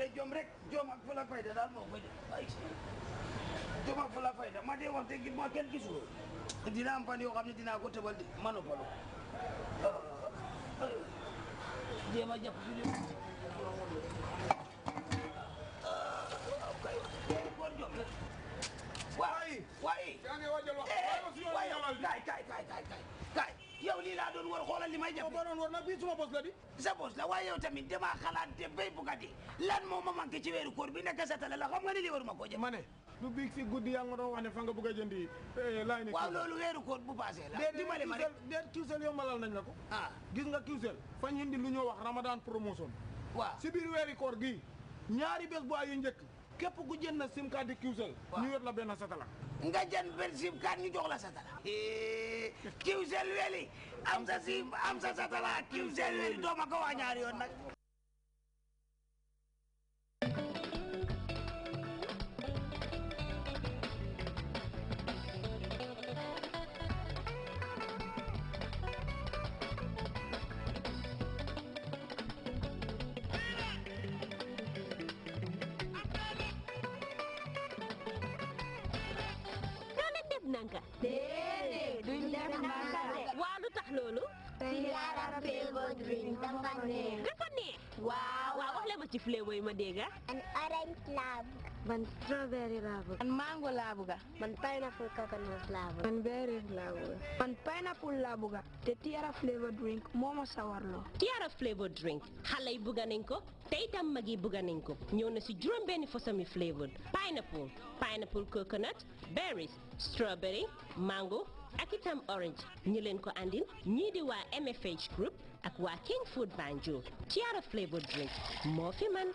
dee jom rek jom ak fula fayda daal moo koy def ay jom ak fula fayda ma dee wax gi ma kenn gisul dina am yoo xam ne dinaa ko tëbal di ma noppalu ah, ah, ah. jéem a jàpp li may jafe boo doon war nag bii suma bos la di sa bos la waaye yow tamit damaa xalaat te béy bu gàddi lan moo ma manqué ci weeru koor bi nekk sa tala la xam nga ni li waruma koo jëf ma ne du biig si guddi yaa nga doon wax ne fa nga bëgg a jëndi eh, laay ne waaw loolu weeru koor bu passé la dimbali ma rek déet kiwsel yombalal nañ la ko ah. gis nga kiwsel fañ indi lu ñoo wax ramadan promotion waaw si biir weeri koor gii ñaari bés bu ay njëkk képp ku jënd na sim card di kiwsal ñu yor la benn satala nga jënd benn sim card ñu jox la satala kiwsal weli am sa sim am sa satala kiwsal weli dooma ko waa ñaari yoon nag vanilla and flavored drink dafa neex. dafa neex. waaw waaw wax leen ma ci flavor yi ma dégg an orange laa bëgg. man mango laa bëgg. man pineapple laa bëgg. man berry laa bëgg. drink moo ma sawarloo. tiara flavored drink xale yi bëgg ko te itam mag yi bëgg nañ ko ñëw na si juróom-benni fosami flavored pineapple pineapple coconut berries strawberry mango. ak itam orange ñi leen ko andil ñii di waa MFH group ak waa King Food Banjul Tiara flavored drink moo fi man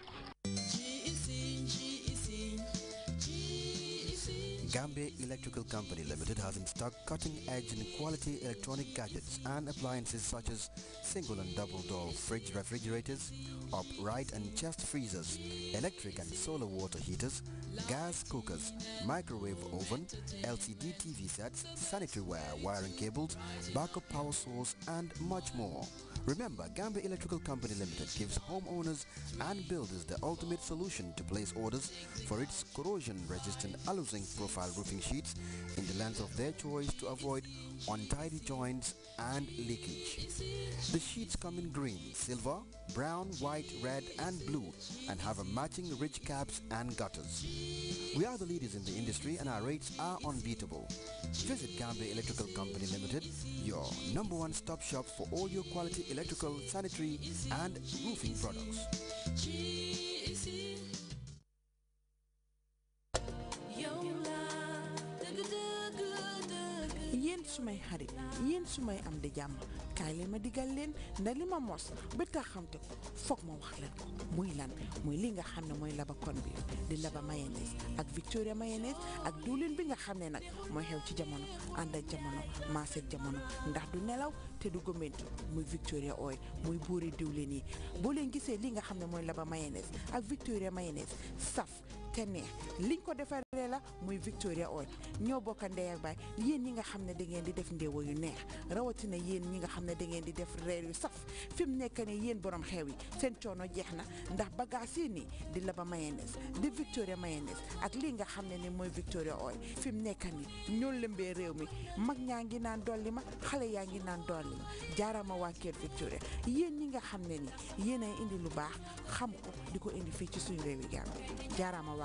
Gambia Electrical Company Limited has in stock cutting-edge and quality electronic gadgets and appliances such as single and double-door fridge refrigerators, upright and chest freezers, electric and solar water heaters, gas cookers, microwave oven, LCD TV sets, sanitary wire, wiring cables, backup power source and much more. Remember, Gambier Electrical Company Limited gives homeowners and builders the ultimate solution to place orders for its corrosion-resistant alu profile roofing sheets in the length of their choice to avoid untidy joints and leakage. The sheets come in green, silver, brown, white, red and blue and have a matching ridge caps and gutters. We are the leaders in the industry and our rates are unbeatable. Visit Gambia Electrical Company Limited, your number one stop shop for all your quality electrical, sanitary and roofing products. su sumay xarit su may am di jàmm kaay leen ma diggal leen nda li ma mos ba tax xamte ko foog ma wax leen ko muy lan muy li nga xam ne mooy labakon bi di laba mayonnaise ak victoria mayonnaise ak diwlin bi nga xam ne nag mooy xew ci jamono ànd ak jamono maaseeg jamono ndax du nelaw te du gëmmentu muy victoria oil muy buuri diwlin yi boo leen gisee lii nga xam ne mooy laba mayonnaise ak victoria mayonnaise saf te neex liñ ko defaree la muy Victoria oil ñoo bokk ndey ak baay yéen ñi nga xam ne da ngeen di def ndéewo yu neex rawatina yéen ñi nga xam ne da ngeen di def reer yu saf fi mu nekk nii yéen borom xew yi seen coono jeex na ndax bagaas yi nii di laba mayonnaise di Victoria mayonnaise ak lii nga xam ne ni mooy Victoria oil fi mu nekk nii ñoo lëmbee réew mi mag ñaa ngi naan dolli ma xale yaa ngi naan dolli ma jaarama waa kër Victoria yéen ñi nga xam ne ni yéen a indi lu baax xam ko di ko indi fii ci suñu réew yi Gambie jaarama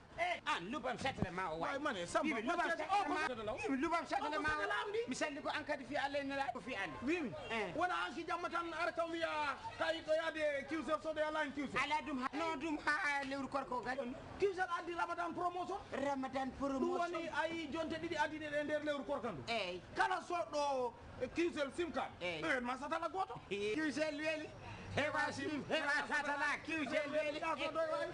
lubam satala ma o way mane samba lubam satala ma lubam satala ma mi salli ko ankadi fi allah ina laaɓo fi allah wimi wona an si jamma tan ara taw wiya kayito yaade kiwsef sodo yalani kiwsef ala ɗum no ɗum ha lewru korko gaɗon kiwsef addi ramadan promotion ramadan promotion ɗum woni ayi jonte ɗiɗi addine ɗe nder lewru korkan ɗum eyyi kala soɗɗo kiwsel simkan eyi ma satala goto kiwsel weeli hewa sim hewa satala kiwsel weeli ɗa soɗo wawi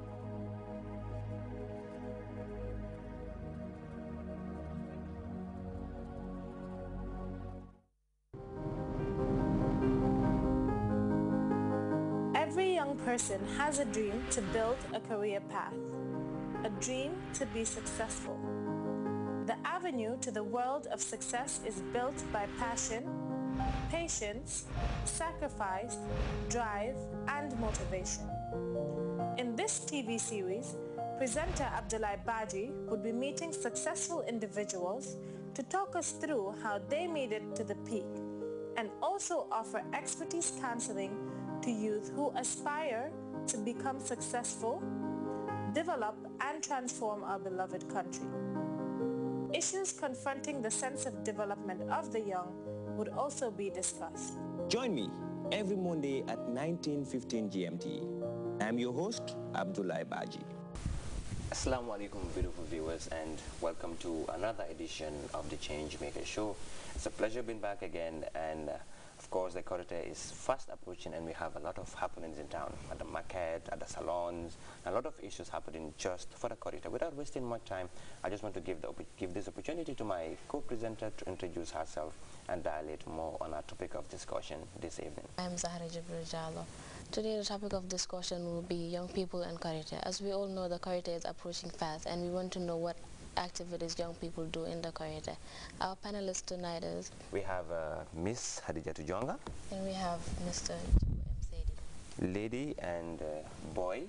person has a dream to build a career path, a dream to be successful. The avenue to the world of success is built by passion, patience, sacrifice, drive, and motivation. In this TV series, presenter Abdullah Baji would be meeting successful individuals to talk us through how they made it to the peak and also offer expertise counseling to youth who aspire to become successful, develop and transform our beloved country. Issues confronting the sense of development of the young would also be discussed. Join me every Monday at 19.15 GMT. I'm your host, Abdullah Baji. Assalamu alaikum beautiful viewers and welcome to another edition of the Change Maker Show. It's a pleasure being back again and uh, course, the corridor is fast approaching and we have a lot of happenings in town, at the market, at the salons, a lot of issues happening just for the corridor. Without wasting much time, I just want to give, the give this opportunity to my co-presenter to introduce herself and dilate more on our topic of discussion this evening. I'm Zahra Jibril Today the topic of discussion will be young people and corridor As we all know, the corridor is approaching fast and we want to know what activities young people do in the corridor. Our panelists tonight is... We have uh, Miss Hadija Tujonga. And we have Mr. Msedi. Lady and uh, boy,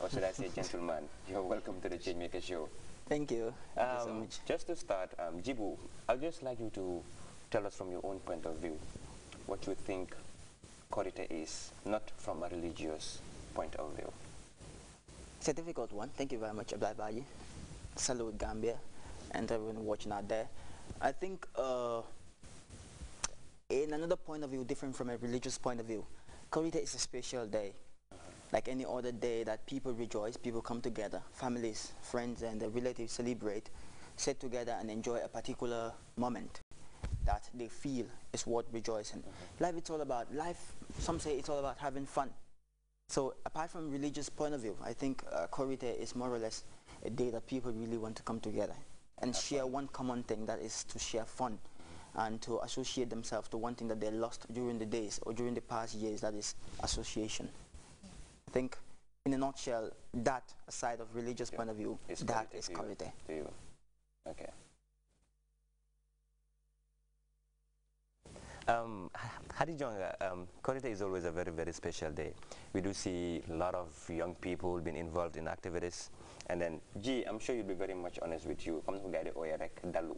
or should I say gentleman, you're welcome to the chainmaker Show. Thank you. Um, Thank you so um, much. Just to start, um, Jibu, I'd just like you to tell us from your own point of view what you think Corita is, not from a religious point of view. It's a difficult one. Thank you very much, Abdul Salute Gambia and everyone watching out there. I think uh, in another point of view, different from a religious point of view, Korita is a special day. Like any other day that people rejoice, people come together, families, friends and relatives celebrate, sit together and enjoy a particular moment that they feel is worth rejoicing. Mm -hmm. Life it's all about, life, some say it's all about having fun. So apart from religious point of view, I think uh, Korite is more or less a day that people really want to come together and That's share right. one common thing that is to share fun and to associate themselves to one thing that they lost during the days or during the past years that is association i think in a nutshell that aside of religious yeah. point of view it's that is you? okay Um, Hadijonga, uh, um, Korita is always a very, very special day. We do see a lot of young people being involved in activities. And then, gee, I'm sure you'll be very much honest with you. I'm not oya rek dalu.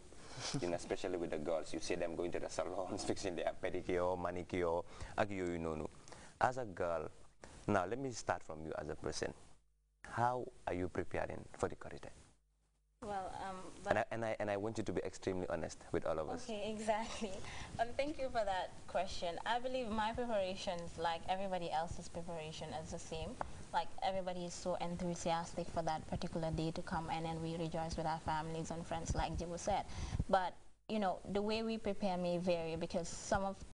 You know, especially with the girls, you see them going to the salons, fixing their pedicure, manicure, As a girl, now let me start from you as a person. How are you preparing for the Karita? Well, um, and, I, and, I, and I want you to be extremely honest with all of us. Okay, exactly. Um, thank you for that question. I believe my preparations, like everybody else's preparation, is the same. Like everybody is so enthusiastic for that particular day to come, and then we rejoice with our families and friends, like Jibu said. But you know, the way we prepare may vary because some of